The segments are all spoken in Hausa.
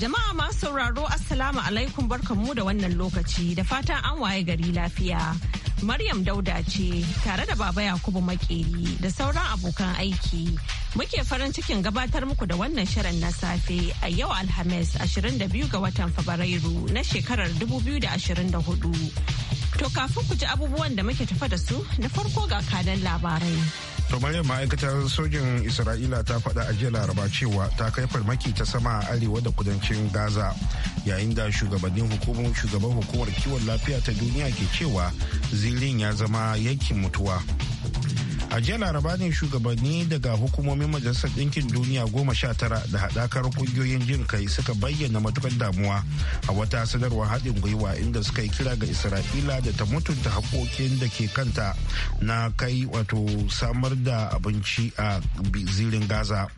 Jama'a masu sauraro Assalamu alaikum barkanmu da wannan lokaci da fatan an waye gari lafiya. Maryam Dauda ce tare da Baba Yakubu Makeri da sauran abokan aiki. Muke farin cikin gabatar muku da wannan shirin na safe a yau Alhamis 22 ga watan Fabrairu na shekarar 2024. To kafin ku ji abubuwan da muke tafa da su na farko ga kanan labarai. Tomariyar ma'aikatar sojin Isra'ila ta faɗa a jiya laraba cewa ta kai farmaki ta sama a arewa da kudancin Gaza yayin da shugabannin hukumar shugaban hukumar kiwon lafiya ta duniya ke cewa zirin ya zama yankin mutuwa. a jiya laraba ne shugabanni daga hukumomin majalisar ɗinkin duniya goma sha tara da haɗakar ƙungiyoyin jin kai suka bayyana matukar damuwa a wata sanarwar haɗin gwiwa inda suka yi kira ga isra'ila da ta mutunta haƙoƙin da ke kanta na kai wato samar da abinci a zirin gaza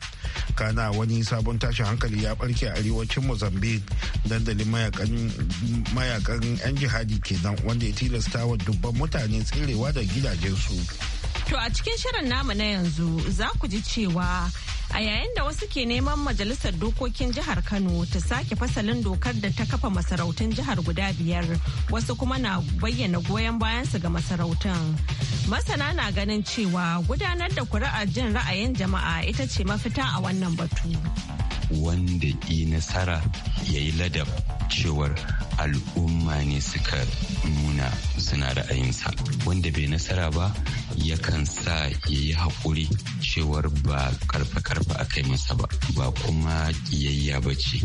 kana wani sabon tashin hankali ya barke a arewacin mozambique dandalin mayakan 'yan jihadi kenan wanda ya tilasta wa dubban mutane tserewa da gidajensu. To a cikin shirin namu na yanzu za ku ji cewa a yayin da wasu ke neman majalisar dokokin jihar Kano ta sake fasalin dokar da ta kafa masarautun jihar guda biyar wasu kuma na bayyana goyon bayansu ga masarautun. Masana na ganin cewa gudanar da kuri'ar jin ra'ayin jama'a ita ce mafita a wannan batu. Wanda nasara ya yi ladab cewar al'umma ne suka nuna suna ra'ayinsa wanda bai nasara ba yakan sa ya yi haƙuri cewar ba karfe-karfe a kai masa ba ba kuma ƙiyayya ba ce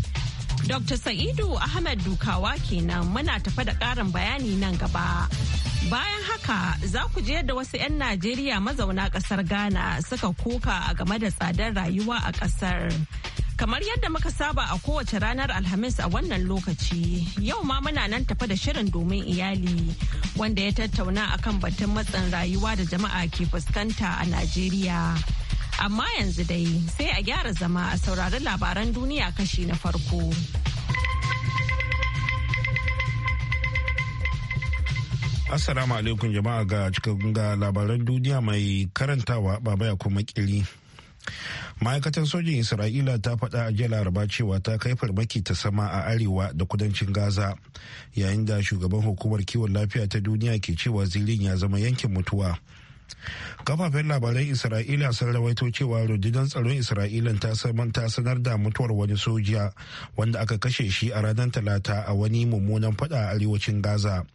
Dr. Sa'idu Ahmed Dukawa kenan muna tafa da ƙarin bayani nan gaba. Bayan haka za ku je da wasu 'yan Najeriya mazauna ƙasar Ghana suka koka a game da tsadar rayuwa a ƙasar. Kamar yadda muka saba a kowace ranar Alhamis a wannan lokaci, yau ma muna nan tafa da shirin domin iyali wanda ya tattauna akan batun matsin rayuwa da jama'a ke fuskanta a Najeriya. Amma yanzu dai sai a gyara zama a saurari labaran duniya kashi na farko. Assalamu alaikum jama'a ga cikakkun ga labaran duniya mai karantawa baba ya kuma kiri. ma'aikatan sojin isra'ila ta faɗa a jiya laraba cewa ta kai farmaki ta sama a arewa da kudancin gaza yayin da shugaban hukumar kiwon lafiya ta duniya ke cewa zirin ya zama yankin mutuwa kafafen labaran isra'ila sun rawaito cewa rundunar tsaron isra'ilan ta ta sanar da mutuwar wani sojiya wanda aka kashe shi a ranar talata a wani mummunan fada a arewacin gaza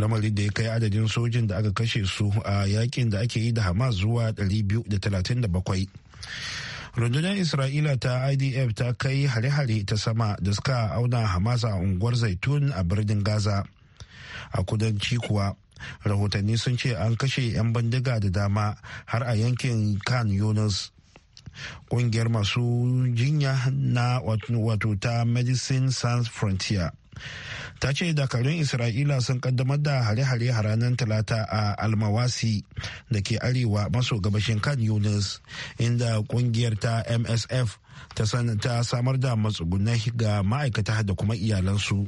lamarin da ya kai adadin sojin da aka kashe su a yakin da ake yi da hamas zuwa 237 rundunar isra'ila ta idf ta kai hare-hare ta sama da suka auna hamas a unguwar zaitun a birnin gaza a kudanci kuwa rahotanni sun ce an kashe 'yan bindiga da dama har a yankin kan yunus kungiyar masu jinya na wato ta medicine sans frontier ta ce dakarun isra'ila sun kaddamar da hare-hare a ranar talata a almawasi da ke arewa maso gabashin kan yunus inda kungiyar ta msf ta samar da matsugunai ga ma'aikata da kuma iyalansu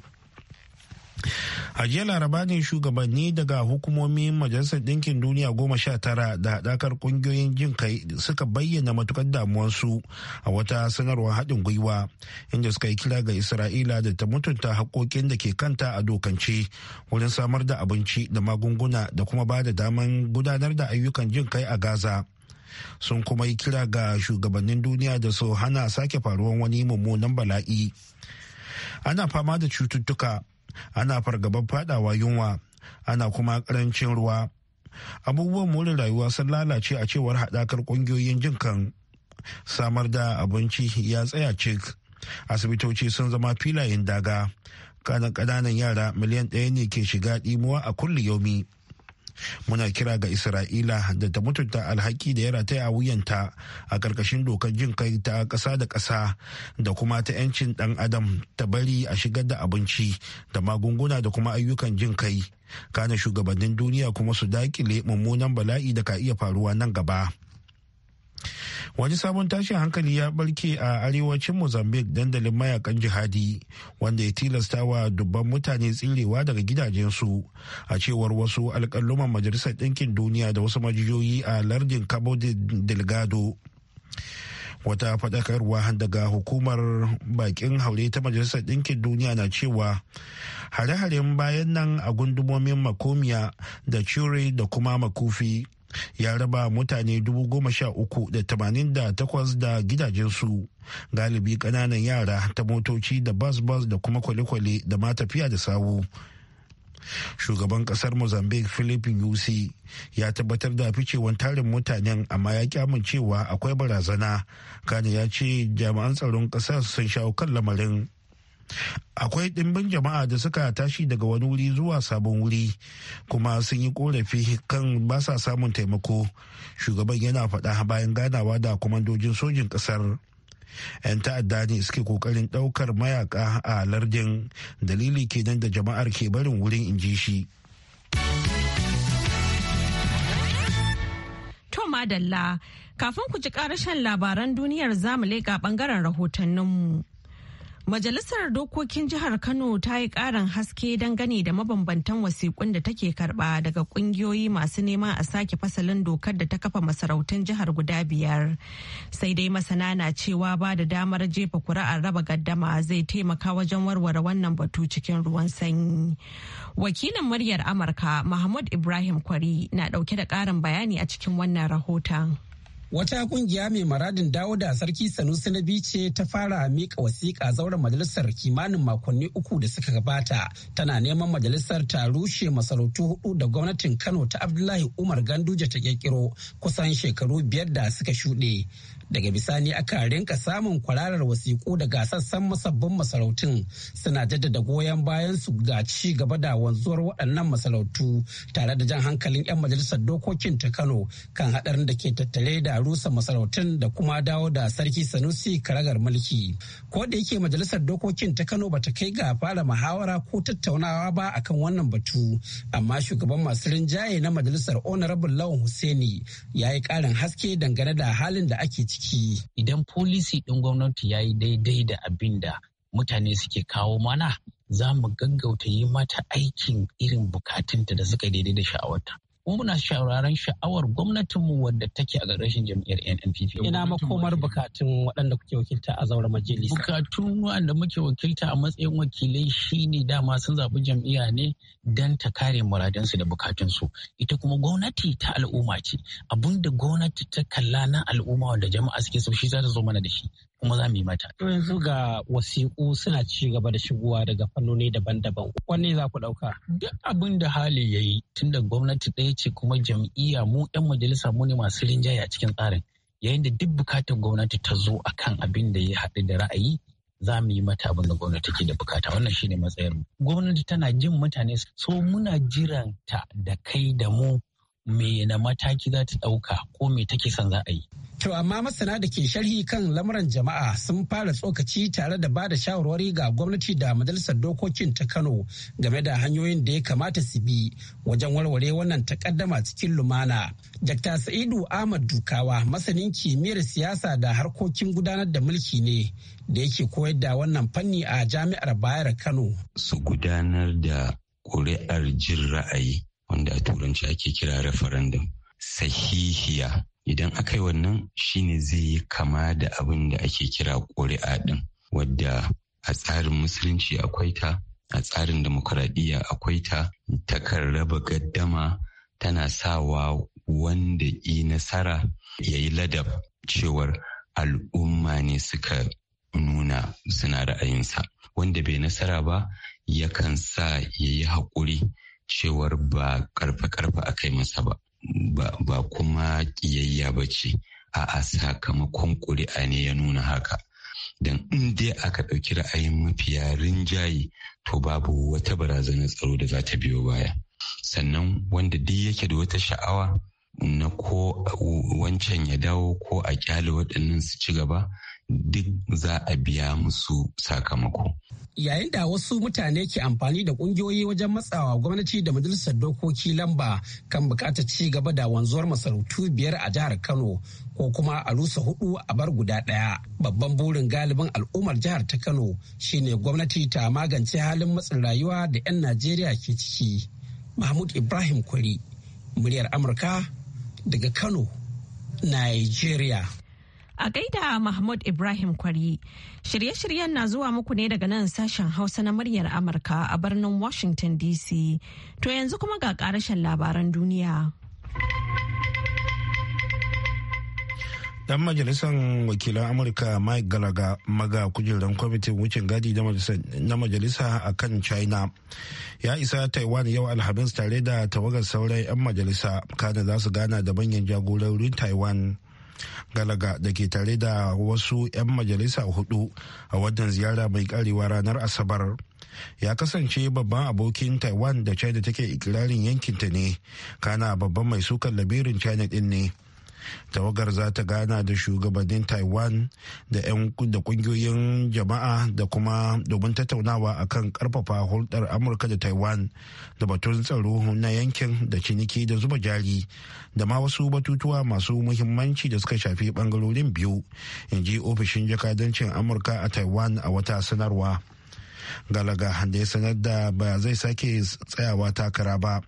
a jiya laraba ne shugabanni daga hukumomin majalisar ɗinkin duniya goma sha tara da haɗakar ƙungiyoyin jin kai suka bayyana matukar damuwarsu a wata sanarwar haɗin gwiwa inda suka yi kira ga isra'ila da ta mutunta haƙoƙin da ke kanta a dokance wurin samar da abinci da magunguna da kuma ba da daman gudanar da ayyukan jin kai a gaza sun kuma yi kira ga shugabannin duniya da su hana sake faruwar wani mummunan bala'i ana fama da cututtuka ana fargabar fadawa yunwa ana kuma karancin ruwa abubuwan more rayuwa sun lalace a cewar haɗakar ƙungiyoyin jin kan samar da abinci ya tsaya cik asibitoci sun zama filayen daga kanan ƙananan yara miliyan ɗaya ne ke shiga ɗimuwa a kulli yomi. muna kira ga isra'ila da ta mutunta alhaki da ya rataya a wuyanta a ƙarƙashin dokar jin kai ta ƙasa da ƙasa da kuma ta 'yancin ɗan adam ta bari a shigar da abinci da magunguna da kuma ayyukan jin kai kana shugabannin duniya kuma su daƙile mummunan bala'i da ka iya faruwa nan gaba wani sabon tashin hankali ya barke a arewacin mozambique dandalin mayakan jihadi wanda ya tilasta wa dubban mutane tsirewa daga gidajensu a cewar wasu alƙalluman majalisar ɗinkin duniya da wasu majiyoyi a lardin cabo delgado wata faɗakarwa daga hukumar bakin haure ta majalisar ɗinkin duniya na cewa hare-haren bayan nan a gundumomin makomiya da cire da kuma makufi ya raba mutane uku da gidajensu galibi kananan yara ta motoci da bas-bas da kuma kwale-kwale da ma tafiya da sawu shugaban kasar mozambique philip yusi ya tabbatar da ficewan tarin mutanen amma ya kyamun cewa akwai barazana kane ya ce jami'an tsaron kasar sun shawo kan lamarin akwai ɗimbin jama'a da suka tashi daga wani wuri zuwa sabon wuri kuma sun yi korafi kan ba sa samun taimako shugaban yana faɗa bayan ganawa da kwamandojin sojin ƙasar 'yan ta'adda ne suke kokarin ɗaukar mayaka a lardin dalili kenan da jama'ar ke barin wurin inji shi to madalla kafin ku ji ƙarashen labaran duniyar zamu leƙa ɓangaren rahotanninmu. Majalisar Dokokin Jihar Kano ta yi ƙarin haske dangane da mabambantan wasiƙun da take karɓa daga ƙungiyoyi masu nema a sake fasalin dokar da ta kafa masarautun jihar guda biyar. Sai dai masana na cewa ba da damar jefa kura'ar raba gaddama zai taimaka wajen warware wannan batu cikin ruwan sanyi. Wakilin muryar Amurka Mahmud Ibrahim Kwari na ɗauke da ƙarin bayani a cikin wannan rahoton. Wata kungiya mai maradin dawo da sarki Sanusi na ce ta fara mika wasiƙa zauren majalisar kimanin makonni uku da suka gabata tana neman majalisar ta rushe masarautu hudu da gwamnatin Kano ta Abdullahi Umar Ganduje ta kirkiro kusan shekaru biyar da suka shuɗe. daga bisani aka rinka samun kwararar wasiƙu daga sassan masabbin masarautun suna jaddada goyon bayan su ga ci gaba da wanzuwar waɗannan masarautu tare da jan hankalin 'yan majalisar dokokin ta kano kan haɗarin da ke tattare da rusa masarautun da kuma dawo da sarki sanusi karagar mulki ko da yake majalisar dokokin ta kano bata kai ga fara muhawara ko tattaunawa ba akan wannan batu amma shugaban masu rinjaye na majalisar honorable lawan hussaini ya yi ƙarin haske dangane da halin da ake ciki idan policy ɗin gwamnati ya yi daidai da abin da mutane suke kawo mana za mu gaggauta yi mata aikin irin bukatunta da suka daidai da sha'awarta kuma muna shawararen sha'awar gwamnatinmu wadda take a rashin jam'iyyar NNPP. Ina makomar bukatun waɗanda kuke wakilta a zauren majalisa. Bukatun waɗanda muke wakilta a matsayin wakilai shine dama sun zaɓi jam'iyya ne don ta kare muradansu da bukatunsu. Ita kuma gwamnati ta al'umma ce. Abin da gwamnati ta kalla na al'umma wanda jama'a suke so shi za ta zo mana da shi. kuma za mu yi mata. To yanzu ga wasiƙu suna ci gaba da shigowa daga fannoni daban-daban. Wanne za ku ɗauka? Duk abin da hali ya yi tun da gwamnati ɗaya ce kuma jam'iyya mu 'yan majalisa mu ne masu rinjaya a cikin tsarin. Yayin da duk bukatar gwamnati ta zo a kan abin da ya haɗu da ra'ayi za mu yi mata abin da gwamnati ke da bukata wannan shine matsayin gwamnati tana jin mutane so muna jiranta da kai da mu me na mataki za ta ɗauka ko me take son za a yi. To amma masana da ke sharhi kan lamuran jama'a sun fara tsokaci tare da ba da shawarwari ga gwamnati da majalisar dokokin ta Kano game da hanyoyin da ya kamata su bi wajen warware wannan takaddama cikin lumana. Dr. Sa'idu Ahmad Dukawa masanin kimiyyar siyasa da harkokin gudanar da mulki ne da yake koyar da wannan fanni a jami'ar Bayar Kano. Su gudanar da ƙuri'ar jin ra'ayi wanda a turanci ake kira referendum sahihiya idan aka yi wannan shine zai yi kama da abin da ake kira ƙuri'a ɗin wadda a tsarin musulunci akwai ta a tsarin demokuraɗiyya akwai ta takan raba gaddama tana sawa wanda yi nasara ya yi ladab cewar al'umma ne suka nuna suna ra'ayinsa wanda bai nasara ba yakan sa ya yi haƙuri cewar ba karfe-karfe a kai masa ba ba kuma kiyayya ba ce a'a sakamakon ƙuri'a ne ya nuna haka don in dai aka ɗauki ra'ayin mafiya rinjaye to babu wata barazanar tsaro da za ta biyo baya sannan wanda duk yake da wata sha'awa na ko wancan ya dawo ko a kyale waɗannan su ci gaba duk za a biya musu sakamako. Yayin da wasu mutane ke amfani da kungiyoyi wajen matsawa gwamnati da majalisar dokoki lamba kan bukatar ci gaba da wanzuwar masarautu biyar a jihar Kano ko kuma a rusa hudu a bar guda daya. Babban burin galibin al'ummar jihar ta Kano shine gwamnati ta magance halin matsin rayuwa da 'yan Najeriya ke ciki. Mahmud Ibrahim Kwari, muryar Amurka daga Kano, Nigeria. A gaida Mahmud Ibrahim Kwari, shirye-shiryen na zuwa muku ne daga nan sashen Hausa na muryar Amurka a birnin Washington DC. To yanzu kuma ga karashen labaran duniya. Dan majalisar wakilan Amurka Mike galaga maga kujerar kwamitin wucin gadi na majalisa a kan China ya isa Taiwan yau Alhamis tare da tawagar sauran 'yan majalisa kada za su gana da manyan jagororin Taiwan. galaga da ke tare da wasu 'yan majalisa hudu a wannan ziyara mai karewa ranar asabar ya kasance babban abokin taiwan da china take ikirarin yankinta ne kana babban mai sukan labirin china din ne tawagar za ta gana da shugabannin taiwan da 'yan kungiyoyin jama'a da kuma domin tattaunawa a kan karfafa hulɗar amurka da taiwan da batun tsaro na yankin da ciniki da zuba jari da ma wasu batutuwa masu muhimmanci da suka shafi bangarorin biyu in ji ofishin jakadancin amurka a taiwan a wata sanarwa galaga da ya sanar da ba zai sake tsayawa takara ba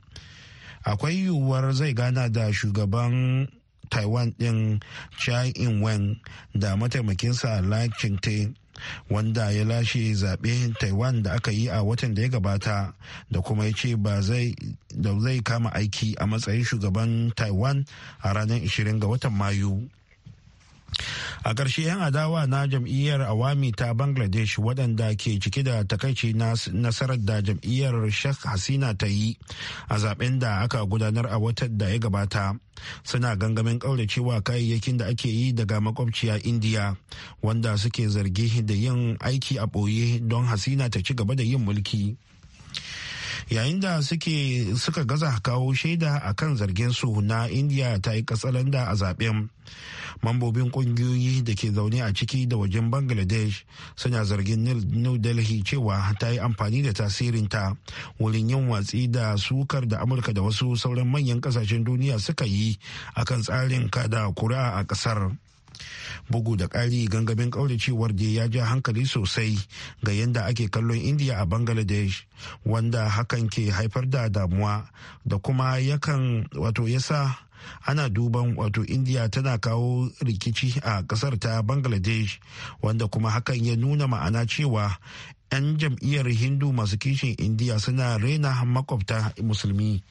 akwai yiwuwar zai gana da shugaban taiwan din chai in-wen da mataimakinsa lai ching wanda ya lashe zaɓe taiwan da aka yi a watan da ya gabata da kuma ya ce ba zai kama aiki a matsayin shugaban taiwan a ranar 20 ga watan mayu a ƙarshe 'yan adawa na jam'iyyar awami ta bangladesh waɗanda ke cike da takaici nasarar da jam'iyyar sheikh hasina ta yi a zaben da aka gudanar a watan da ya gabata suna gangamin cewa kayayyakin da ake yi daga makwabciya indiya wanda suke zargi da yin aiki a ɓoye don hasina ta ci gaba da yin mulki yayin da suke suka gaza kawo shaida a kan zarginsu na indiya ta yi katsalanda a zaben mambobin kungiyoyi da ke zaune a ciki da wajen bangladesh suna zargin new delhi cewa ta yi amfani da tasirinta wurin yin watsi da sukar da amurka da wasu sauran manyan kasashen duniya suka yi akan tsarin kada kura a kasar bugu da ƙari gangamin cewar da ya ja hankali sosai ga yadda ake kallon indiya a bangladesh wanda hakan ke haifar da damuwa da kuma yakan wato yasa ana duban wato indiya tana kawo rikici a ƙasar ta bangladesh wanda kuma hakan ya nuna ma'ana cewa 'yan jam'iyyar hindu masu kishin indiya suna raina makwabta musulmi.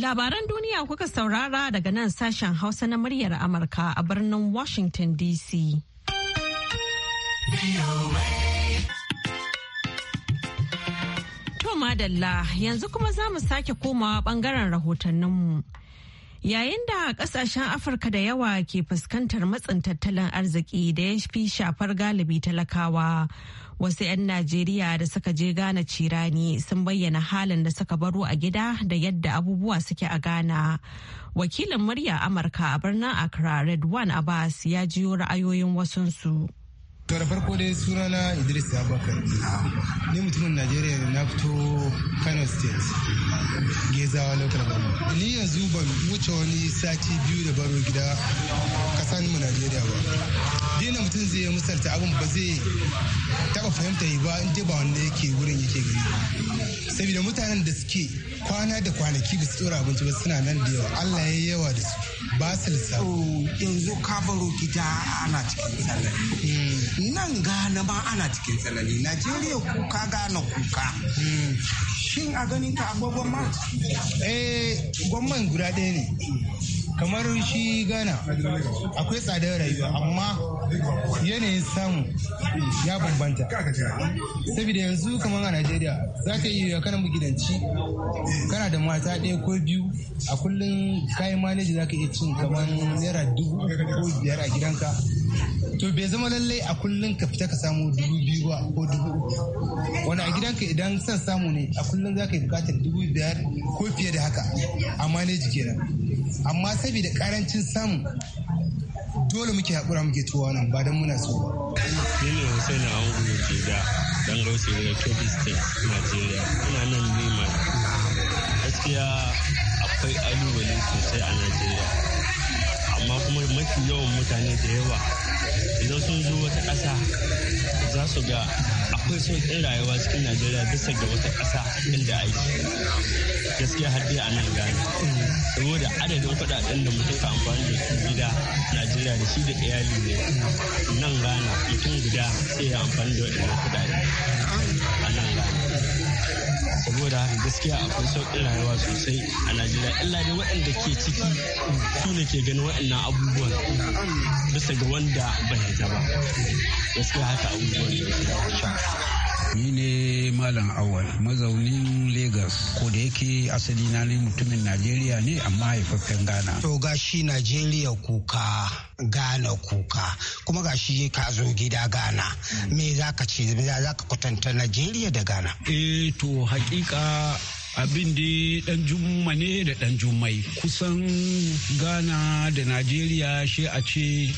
Labaran duniya kuka saurara daga nan sashen Hausa na muryar Amurka a birnin Washington DC. To madalla yanzu kuma za mu sake komawa bangaren rahotanninmu. Yayin da kasashen Afirka da yawa ke fuskantar matsin tattalin arziki da ya fi shafar galibi talakawa. Wasu 'yan Najeriya da suka je Ghana cirani sun bayyana halin da suka baro a gida da yadda abubuwa suke a gana Wakilin murya Amurka a birnin Accra Red One Abbas ya jiyo ra'ayoyin wasunsu. To farko dai sunana Idris Abubakar. Ni mutumin Najeriya ne na fito Kano State. Gezawa local government. Ni yanzu ban wuce wani sati biyu da baro gida kasan mu Najeriya ba. inda mutum zai musarta abin ba zai taba fahimta ba in dai ba wanda yake wurin yake gari saboda mutanen da suke kwana da kwanaki da su tsora abinci ba suna nan da yawa Allah ya yawa da su ba su lissafi yanzu ka baro gida ana cikin tsanani hmm. nan gana ma ana cikin tsanani Najeriya kuka gana kuka hmm. shin a ganin ka agogon ma eh gwamman guda ɗaya ne kamar shi gana akwai tsadar rayuwa amma yanayin samu ya bambanta saboda yanzu kamar a najeriya za ka yi kana magidanci kana da mata ɗaya ko biyu a kullum kayan manaji za ka iya cin kamar naira dubu ko biyar a gidanka to bai zama lallai a kullum ka fita ka samu dubu biyu ba ko dubu uku wani a gidanka idan son samu ne a kullum za ka yi bukatar dubu biyar ko fiye da haka a manaji kenan amma saboda karancin samu dole muke haƙura muke tuwa nan ba don muna so ba. Ni ne Hussein Angu Jeda dan gausi daga Kebbi State, Nigeria. Ina nan ne gaskiya akwai alubale sosai a Najeriya. Amma kuma mafi yawan mutane da yawa idan sun zo wata ƙasa za su ga akwai sauƙin rayuwa cikin najeriya bisa da wata ƙasa inda yi gaskiya har dai a nan gani saboda adadin kuɗaɗen da mutum ka amfani da su gida najeriya da shi da iyali ne nan gana mutum guda sai ya amfani da waɗannan kuɗaɗe a nan saboda haka gaskiya akwai sauƙin rayuwa sosai a najeriya illa dai waɗanda ke ciki su ne ke ganin waɗannan abubuwan bisa ga wanda bai ba gaskiya haka abubuwan da ke Ni ne Malam Awal, mazaunin Legas. Ko da yake asali na ne mutumin Najeriya ne amma haifafen Ghana. To gashi Najeriya kuka, Ghana kuka, kuma gashi ka zo gida Ghana. Me za ka ce, me za ka kwatanta Najeriya da Ghana? Eh to hakika abin da dan jumma ne da dan jummai kusan ghana da najeriya shi a ce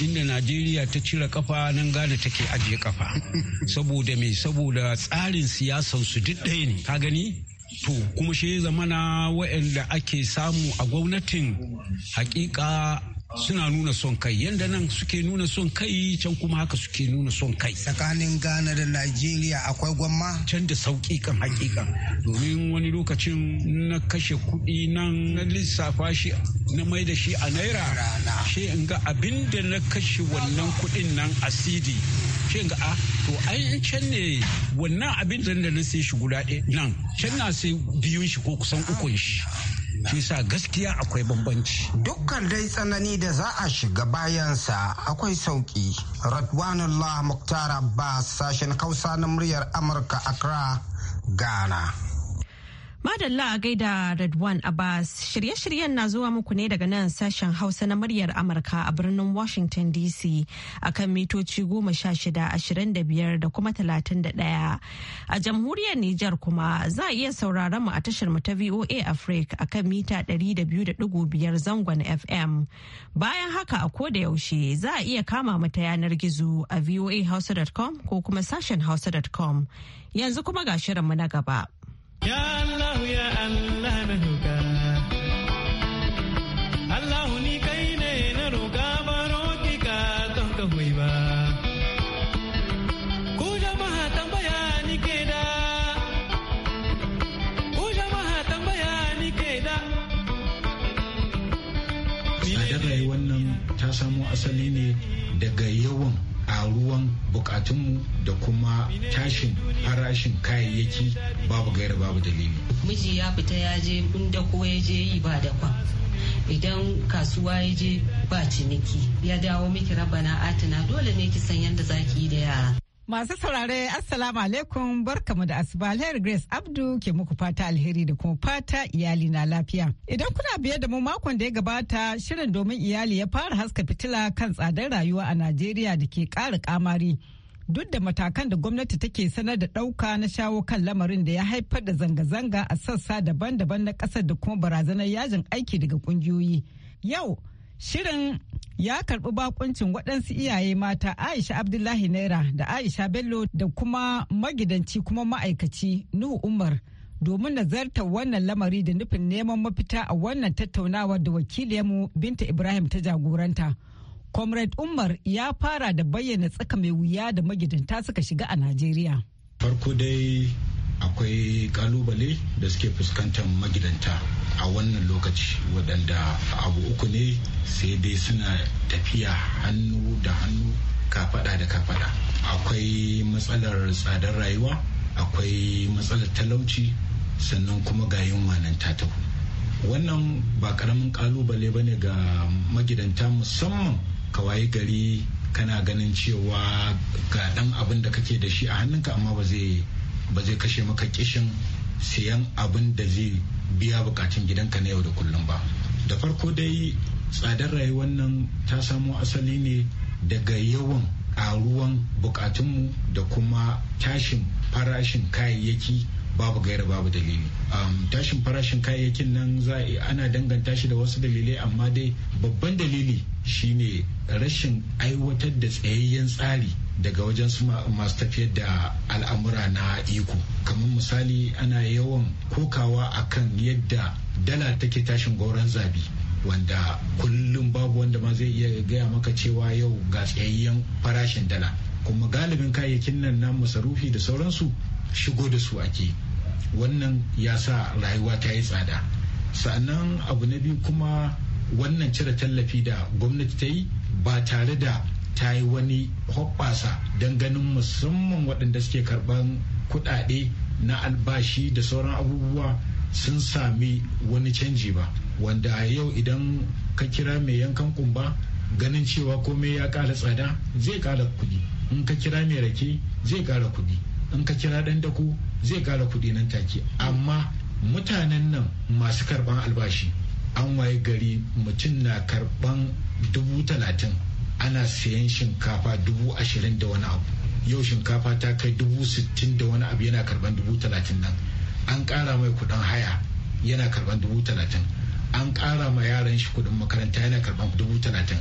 inda najeriya ta cire kafa nan gane take ajiye kafa saboda me saboda tsarin siyasan su duk ɗaya ne ka gani to kuma shi zamana waɗanda ake samu a gwamnatin hakika suna nuna son kai yadda nan suke nuna son kai can kuma haka suke nuna son kai tsakanin ghana da nigeria akwai gwamma can da sauki kan hakika domin wani lokacin na kashe kuɗi nan na lissafa shi na mai da shi a naira shi in ga abin da na kashe wannan kuɗin nan a cd shi in ga a ah, to ai in can ne wannan abin da na sai shi guda ɗaya nan can na sai biyun shi ko kusan ukun shi shi sa gaskiya akwai bambanci dukkan dai tsanani da za a shiga bayansa akwai sauki radwanullah muktar abbas sashen kausa na muryar amurka accra ghana Madalla a gaida Redwan Abbas shirye-shiryen na zuwa muku ne daga nan sashen Hausa na muryar Amurka a birnin Washington DC akan mitoci goma sha shida ashirin da biyar da kuma talatin da ɗaya. A jamhuriyar Nijar kuma za a iya sauraron mu a tashar mu ta VOA Africa akan mita ɗari da biyu da ɗigo biyar zangon FM. Bayan haka a ko da yaushe za a iya kama mu ta yanar gizo a voahausa.com ko kuma sashen hausa.com. Yanzu kuma ga shirinmu na gaba. Ya Allah ya Allah na ni kai ne na roƙa ba roƙi ka don ka tambaya ni ke da. tambaya ni ke da. Tsadar rayuwar nan ta samo asali ne daga yawan A ruwan bukatunmu da kuma tashin harashin kayayyaki babu gaira babu dalili. Miji ya fita ya je inda ko ya je yi ba da kwan. Idan kasuwa ya je ba ciniki ya dawo miki rabana atina dole ne ki san yadda zaki yi da yara. Masu saurare Assalamu alaikum barkamu da asuba alheri Grace Abdu ke muku fata alheri da kuma fata iyali na lafiya. Idan kuna biye da mu makon da ya gabata shirin domin iyali ya fara haska fitila kan tsadar rayuwa a Najeriya da ke ƙara kamari. Duk da matakan da gwamnati take sanar da ɗauka na shawo kan lamarin da ya haifar da zanga-zanga a sassa daban-daban na ƙasar da kuma barazanar yajin aiki daga ƙungiyoyi. Yau, shirin ya karbi bakuncin waɗansu iyaye mata aisha abdullahi naira da aisha bello da kuma magidanci kuma ma'aikaci nuhu umar domin nazartar wannan lamari da nufin neman mafita a wannan tattaunawar da wakiliyarmu binta ibrahim ta jagoranta comrade umar ya fara da bayyana tsaka mai wuya da magidanta suka shiga a najeriya farko dai akwai kalubale da suke fuskantar magidanta a wannan lokaci waɗanda abu uku ne sai dai suna tafiya hannu da hannu kafada da kafada akwai matsalar tsadar rayuwa akwai matsalar talauci sannan kuma ga yunwa nan ta taho wannan ba karamin kalubale ba ne ga magidanta musamman kawai gari kana ganin cewa ga dan abin da kake da shi a hannunka amma ba zai kashe maka kishin siyan abin da zai biya bukatun gidanka na yau da kullum ba da farko dai tsadar rayuwar nan ta samo asali ne daga yawan karuwan bukatunmu da kuma tashin farashin kayayyaki babu gaira babu dalili tashin farashin kayayyakin nan za ana danganta shi da wasu dalilai amma dai babban dalili shine rashin aiwatar da tsayayyen tsari daga wajen su masu tafiyar da al'amura na iko kamar misali ana yawan kokawa a kan yadda dala take tashin gauran zabi wanda kullum babu wanda ma zai iya gaya maka cewa yau ga tsayayyen farashin dala kuma galibin kayayyakin nan na masarufi da sauransu shigo da su ake wannan ya sa rayuwa ta yi tsada sannan abu na biyu kuma wannan cire tallafi da gwamnati ta yi ba tare da ta yi wani hoɓɓasa don ganin musamman waɗanda suke karɓan kuɗaɗe na albashi da sauran abubuwa sun sami wani canji ba wanda a yau idan ka kira mai yankan kumba ganin cewa komai ya ƙara tsada zai ƙara kuɗi in ka kira mai rake zai ƙara kuɗi in ka kira ɗan dako zai ƙara kuɗi nan take amma mutanen nan masu karɓan albashi an waye gari mutum na karɓan dubu talatin ana siyan shinkafa dubu ashirin da wani abu yau shinkafa ta kai dubu sittin da wani abu yana karban dubu talatin nan an ƙara mai kuɗin haya yana karban dubu talatin an ƙara ma yaran shi kuɗin makaranta yana karban dubu talatin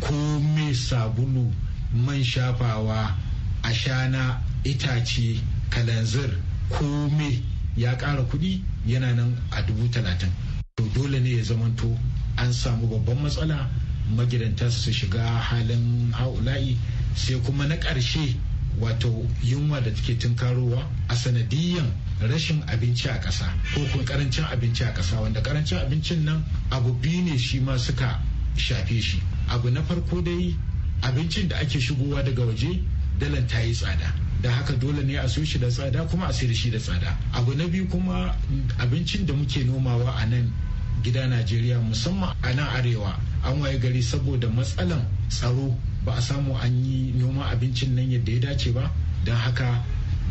ko mai sabulu man shafawa ashana itace kalanzir ko me ya ƙara kuɗi yana nan a dubu talatin to dole ne ya zamanto an samu babban matsala magidanta su shiga halin haula'i sai kuma na ƙarshe wato yunwa da take tunkarowa a sanadiyyan rashin abinci a ƙasa ko kuma ƙarancin abinci a ƙasa wanda ƙarancin abincin nan abu biyu ne shi ma suka shafe shi abu na farko dai abincin da ake shigowa daga waje dalan ta yi tsada da haka dole ne a so shi da tsada kuma a sayar shi da tsada abu na biyu kuma abincin da muke nomawa a nan gida najeriya musamman a nan arewa an waye gari saboda matsalan tsaro ba a samu an yi noma abincin nan yadda ya dace ba don haka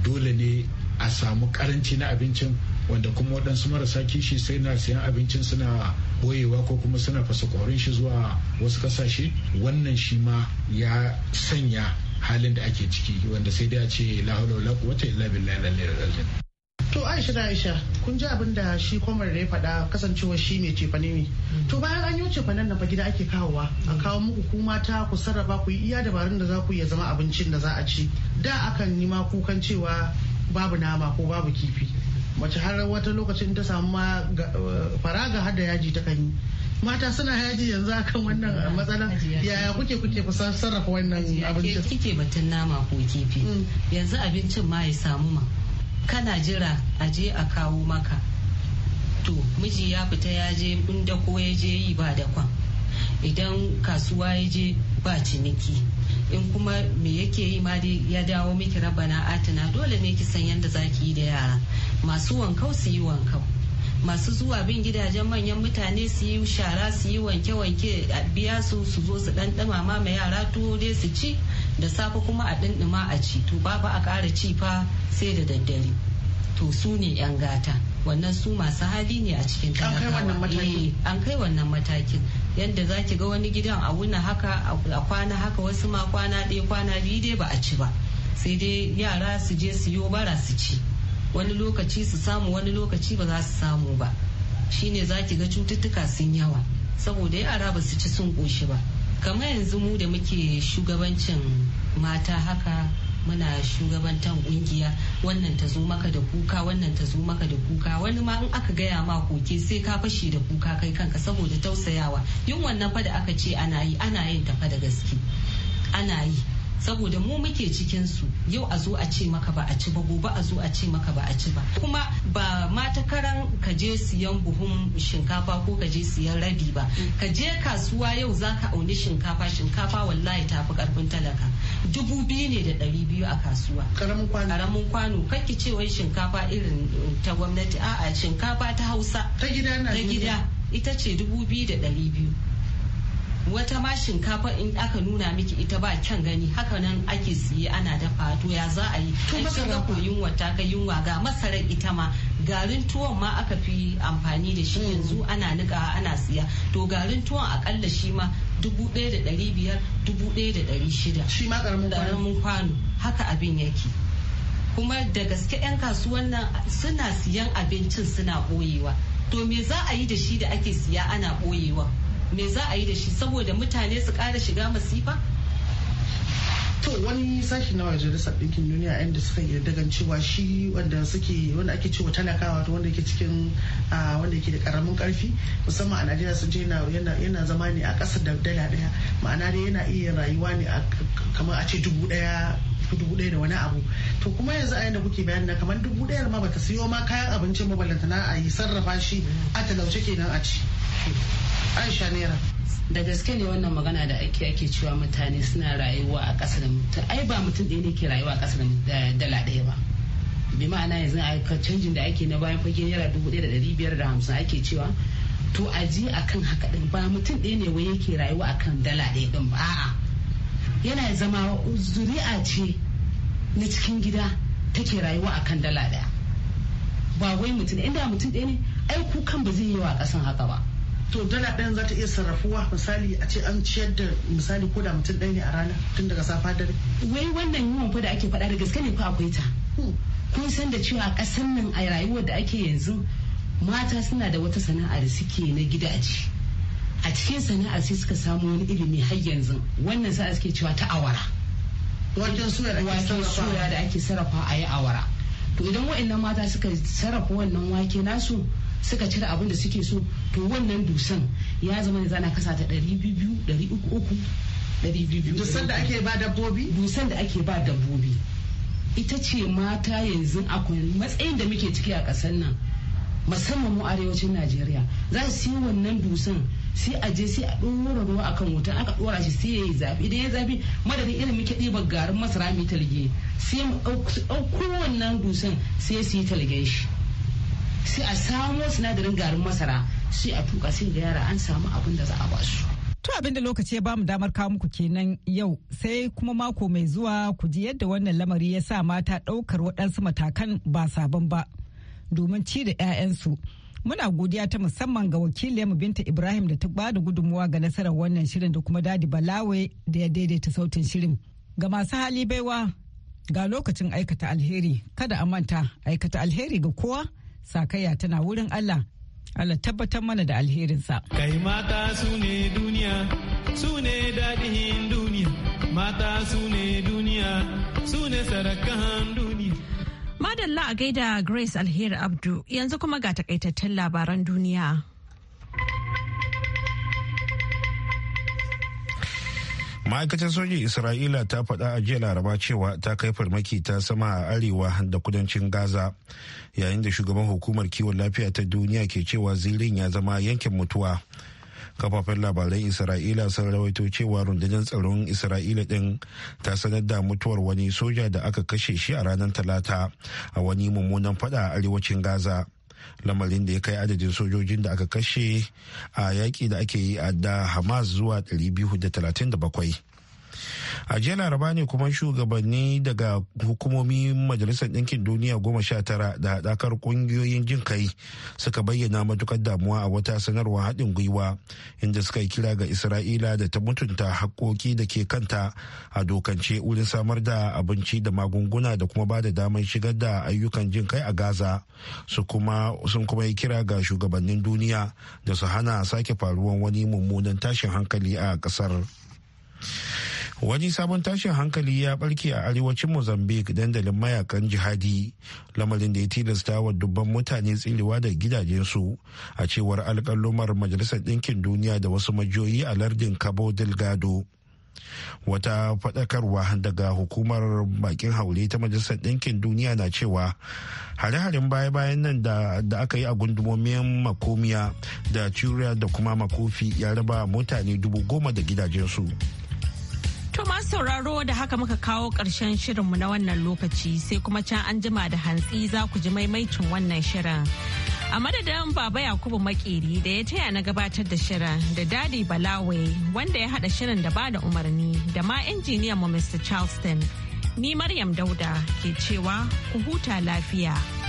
dole ne a samu karanci na abincin wanda kuma waɗansu marasa kishi sai na siyan abincin suna boyewa ko kuma suna fasa kwarin shi zuwa wasu kasashe wannan shi ma ya sanya halin da ake ciki wanda sai dai a ce la wata illa billahi to aisha da aisha kun ji abin da shi kwamar da ya faɗa kasancewa shi mai cefane ne to bayan an yi cefanen nan fa gida ake kawowa a kawo muku ku mata ku sarrafa ku yi iya dabarun da za ku iya zama abincin da za a ci da akan yi ma kukan cewa babu nama ko babu kifi mace har wata lokacin ta samu ma eh, faraga har da yaji ta kan yi mata suna yaji yanzu akan wannan matsalan yaya kuke kuke kusan sarrafa wannan abincin kike batun nama ko kifi mm. yanzu abincin ma ya samu ma kana jira a je a kawo maka to miji ya fita ya je inda ko ya je yi ba da kwan idan kasuwa ya je ba ciniki in kuma me yake yi ma dai ya dawo miki raba na atina dole ne ki san yadda za ki yi da yara masu wankau su yi wankau masu zuwa bin gidajen manyan mutane su yi shara su yi wanke-wanke biya su su zo su dan ma yara tuwo dai su ci da safe kuma a ɗinɗima a ci to babu a ƙara ci fa sai da daddare to su ne 'yan gata wannan su masu hali ne a cikin an kai wannan matakin eh, yadda za ki ga wani gidan a wuna haka a kwana haka wasu ma kwana ɗaya kwana biyu dai ba a ci ba sai dai yara su je su yo bara su ci wani lokaci su samu wani lokaci ba za su samu ba shine za ki ga cututtuka sun yawa saboda yara ba su ci sun ƙoshi ba kamar yanzu mu da muke shugabancin mata haka muna shugabantan kungiya wannan ta zo maka da kuka wannan ta zo maka da kuka wani ma in aka gaya ma koke sai ka fashe da kuka kai kanka saboda tausayawa yin wannan fa da aka ce ana yi ana yin ta da gaske ana yi saboda mu muke cikin su yau a zo a ce maka ba a ci ba gobe a zo a ce maka ba a ci ba kuma ba mata karan ka je siyan buhun shinkafa ko ka je siyan rabi ba ka je kasuwa yau zaka auni shinkafa shinkafa wallahi tafi fi karfin talaka dubu biyu ne da ɗari biyu a kasuwa karamin kwano karamin kwano kake ce shinkafa irin ta gwamnati a'a shinkafa ta hausa ta gida na ta gida ita ce dubu biyu da ɗari biyu wata ma shinkafa in aka nuna miki ita ba kyan gani haka nan ake siye ana dafa to ya za a yi an shiga ko yunwa ta ka yunwa ga masarar ita ma garin tuwon ma aka fi amfani da shi mm. yanzu ana nika ana siya to garin tuwon akalla shi ma dubu ɗaya da ɗari biyar dubu ɗaya da ɗari shida shi ma ƙaramin kwano haka abin yake kuma da gaske 'yan kasuwan nan suna siyan abincin suna ɓoyewa to me za a yi da shi da ake siya ana ɓoyewa me za a yi da shi saboda mutane su kara shiga masifa to wani sashi na majalisar ɗinkin duniya inda suka yi daga cewa shi wanda suke wanda ake cewa talakawa to wanda yake cikin wanda yake da karamin karfi musamman a najeriya sun ce yana zama ne a ƙasa da dala ɗaya ma'ana dai yana iya rayuwa ne kamar a ce dubu ɗaya dubu ɗaya da wani abu to kuma yanzu a yanda kuke bayan na kamar dubu ɗayar ma bata siyo ma kayan abincin mabalanta na a yi sarrafa shi a talauce kenan a ci aisha nera. da gaske ne wannan magana da ake ake cewa mutane suna rayuwa a ƙasa da mutum ai ba mutum ɗaya ne ke rayuwa a ƙasa da dala ɗaya ba bi ma'ana yanzu a canjin da ake na bayan fage naira dubu ɗaya da ɗari biyar da hamsin ake cewa to a ji a kan haka ɗin ba mutum ɗaya ne wai yake rayuwa a kan dala ɗaya ɗin ba a'a yana zama zuri'a ce na cikin gida take rayuwa a kan dala ɗaya ba wai mutum inda mutum ɗaya ne ai kukan ba zai yi wa ƙasan haka ba to dala ɗayan za ta iya sarrafuwa misali a ce an ciyar da misali ko da mutum ɗaya ne a rana tun daga safa dare wai wannan yiwon fa da ake faɗa da gaske ne ko akwai ta hmm. kun san da cewa ƙasar nan a rayuwar da ake yanzu mata suna da wata sana'a da suke na gidaje a cikin sana'a sai suka samu wani ilimi har yanzu wannan sa'a suke cewa ta awara wajen suya da ake sarrafa a yi awara to idan wa'annan mata suka sarrafa wannan wake nasu suka cire abin da suke so to wannan dusan ya zama da zana kasa ta ɗari biyu ɗari dusan da ake ba dabbobi dusan da ake ba dabbobi ita ce mata yanzu akwai matsayin da muke ciki a kasar nan musamman mu arewacin najeriya za su yi wannan dusan sai a je sai a ɗora ruwa akan wuta aka ɗora shi sai ya yi zafi idan ya zafi madadin irin muke ɗiba garin masara mai talge sai mu ɗauko wannan dusan sai su yi talgen shi sai a samo sinadarin garin masara sai a tuka sai ga yara an samu abin da za a basu. To abin da lokaci ya bamu damar kawo muku kenan yau sai kuma mako mai zuwa ku ji yadda wannan lamari ya sa mata ɗaukar waɗansu matakan ba sabon ba domin ci da 'ya'yansu. Muna godiya ta musamman ga wakiliyarmu Binta Ibrahim da ta ba da gudunmuwa ga nasarar wannan shirin da kuma Dadi Balawe da ya daidaita sautin shirin. Ga masu hali baiwa ga lokacin aikata alheri kada a manta aikata alheri ga kowa sakaya tana wurin Allah Allah tabbatar mana da alherinsa kai mata su ne duniya su ne daɗin duniya mata su ne duniya su ne sarakan duniya madalla a gaida Grace Alheri Abdu yanzu kuma ga takaitattun labaran duniya ma'aikatar sojin isra'ila ta faɗa a jiya laraba cewa ta kai farmaki ta sama a arewa da kudancin gaza yayin da shugaban hukumar kiwon lafiya ta duniya ke cewa zirin ya zama yankin mutuwa kafafen labaran isra'ila sun rawaito cewa rundunar tsaron isra'ila din ta sanar da mutuwar wani soja da aka kashe shi a ranar talata a wani mummunan faɗa a arewacin gaza lamarin da ya kai adadin sojojin da aka kashe a yaƙi da ake yi a da hamas zuwa 237 a jiya laraba ne kuma shugabanni daga hukumomin majalisar ɗinkin duniya goma sha tara da haɗakar ƙungiyoyin jin kai suka bayyana matukar damuwa a wata sanarwa haɗin gwiwa inda suka yi kira ga isra'ila da ta mutunta haƙƙoƙi da ke kanta a dokance wurin samar da abinci da magunguna da kuma ba da damar shigar da ayyukan jin kai a gaza su kuma sun kuma yi kira ga shugabannin duniya da su hana sake faruwan wani mummunan tashin hankali a ƙasar. wani sabon tashin hankali ya barke a arewacin mozambique dandalin mayakan jihadi lamarin da ya tilasta wa dubban mutane tsirewa da gidajensu a cewar alkalomar majalisar ɗinkin duniya da wasu majiyoyi a lardin cabo delgado wata faɗakarwa daga hukumar bakin haure ta majalisar ɗinkin duniya na cewa hare-haren baya-bayan nan da aka yi a gundumomin makomiya da turiya da kuma makofi ya raba mutane dubu goma da gidajensu. To masu sauraro da haka muka kawo ƙarshen shirinmu na wannan lokaci sai kuma can an jima da hantsi za ku ji maimaitin wannan shirin. A madadin Baba Yakubu Makeri da ya taya na gabatar da shirin da Dadi Balawe wanda ya haɗa shirin da ba da umarni da ma injiniyan mu Mr. Charleston. Ni Maryam Dauda ke cewa ku huta lafiya.